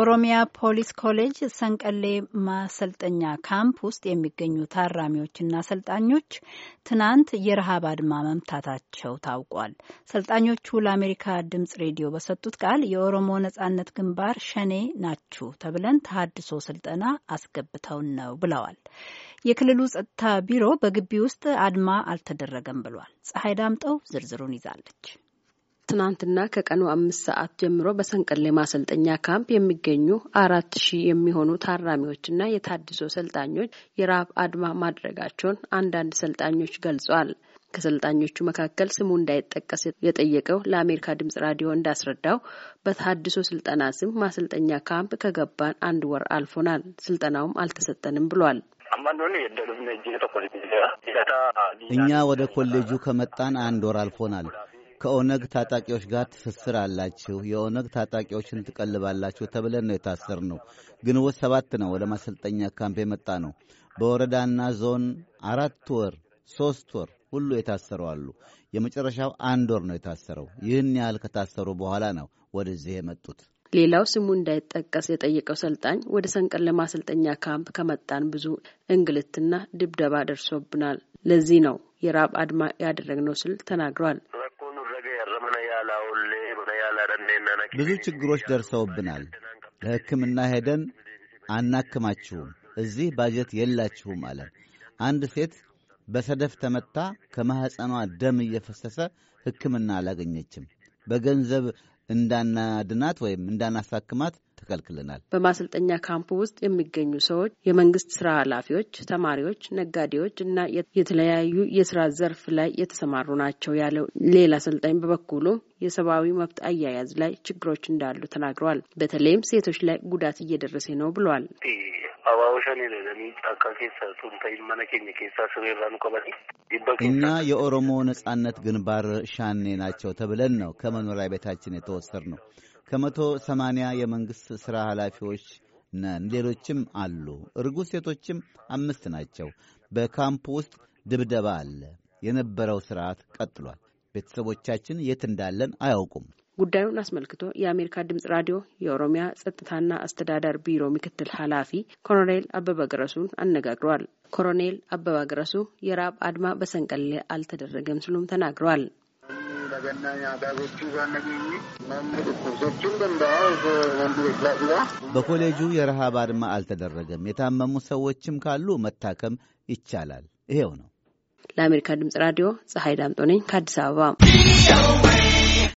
በኦሮሚያ ፖሊስ ኮሌጅ ሰንቀሌ ማሰልጠኛ ካምፕ ውስጥ የሚገኙ ታራሚዎችና ሰልጣኞች ትናንት የረሃብ አድማ መምታታቸው ታውቋል። ሰልጣኞቹ ለአሜሪካ ድምጽ ሬዲዮ በሰጡት ቃል የኦሮሞ ነጻነት ግንባር ሸኔ ናችሁ ተብለን ተሀድሶ ስልጠና አስገብተውን ነው ብለዋል። የክልሉ ጸጥታ ቢሮ በግቢ ውስጥ አድማ አልተደረገም ብሏል። ፀሐይ ዳምጠው ዝርዝሩን ይዛለች። ትናንትና ከቀኑ አምስት ሰዓት ጀምሮ በሰንቀሌ ማሰልጠኛ ካምፕ የሚገኙ አራት ሺህ የሚሆኑ ታራሚዎችና የታድሶ ሰልጣኞች የራብ አድማ ማድረጋቸውን አንዳንድ ሰልጣኞች ገልጿል። ከሰልጣኞቹ መካከል ስሙ እንዳይጠቀስ የጠየቀው ለአሜሪካ ድምጽ ራዲዮ እንዳስረዳው በተሀድሶ ስልጠና ስም ማሰልጠኛ ካምፕ ከገባን አንድ ወር አልፎናል። ስልጠናውም አልተሰጠንም ብሏል። እኛ ወደ ኮሌጁ ከመጣን አንድ ወር አልፎናል። ከኦነግ ታጣቂዎች ጋር ትስስር አላችሁ፣ የኦነግ ታጣቂዎችን ትቀልባላችሁ ተብለን ነው የታሰር ነው። ግንቦት ሰባት ነው ወደ ማሰልጠኛ ካምፕ የመጣ ነው። በወረዳና ዞን አራት ወር ሦስት ወር ሁሉ የታሰሩ አሉ። የመጨረሻው አንድ ወር ነው የታሰረው። ይህን ያህል ከታሰሩ በኋላ ነው ወደዚህ የመጡት። ሌላው ስሙ እንዳይጠቀስ የጠየቀው ሰልጣኝ ወደ ሰንቀን ለማሰልጠኛ ካምፕ ከመጣን ብዙ እንግልትና ድብደባ ደርሶብናል። ለዚህ ነው የራብ አድማ ያደረግነው ስል ተናግሯል። ብዙ ችግሮች ደርሰውብናል። ለሕክምና ሄደን አናክማችሁም፣ እዚህ ባጀት የላችሁም አለ። አንድ ሴት በሰደፍ ተመታ ከማኅፀኗ ደም እየፈሰሰ ሕክምና አላገኘችም። በገንዘብ እንዳናድናት ወይም እንዳናሳክማት ተከልክልናል። በማሰልጠኛ ካምፕ ውስጥ የሚገኙ ሰዎች የመንግስት ስራ ኃላፊዎች፣ ተማሪዎች፣ ነጋዴዎች እና የተለያዩ የስራ ዘርፍ ላይ የተሰማሩ ናቸው ያለው ሌላ አሰልጣኝ በበኩሉ የሰብአዊ መብት አያያዝ ላይ ችግሮች እንዳሉ ተናግረዋል። በተለይም ሴቶች ላይ ጉዳት እየደረሰ ነው ብለዋል። እኛ የኦሮሞ ነጻነት ግንባር ሻኔ ናቸው ተብለን ነው ከመኖሪያ ቤታችን የተወሰድ ነው። ከመቶ ሰማንያ የመንግሥት ሥራ ኃላፊዎች ነን። ሌሎችም አሉ። እርጉዝ ሴቶችም አምስት ናቸው። በካምፕ ውስጥ ድብደባ አለ። የነበረው ሥርዓት ቀጥሏል። ቤተሰቦቻችን የት እንዳለን አያውቁም። ጉዳዩን አስመልክቶ የአሜሪካ ድምጽ ራዲዮ የኦሮሚያ ጸጥታና አስተዳደር ቢሮ ምክትል ኃላፊ ኮሎኔል አበበ ገረሱን አነጋግሯል። ኮሎኔል አበባ ገረሱ የራብ አድማ በሰንቀሌ አልተደረገም ስሉም ተናግረዋል። በኮሌጁ የረሃብ አድማ አልተደረገም። የታመሙ ሰዎችም ካሉ መታከም ይቻላል። ይሄው ነው። ለአሜሪካ ድምጽ ራዲዮ ፀሐይ ዳምጦ ነኝ ከአዲስ አበባ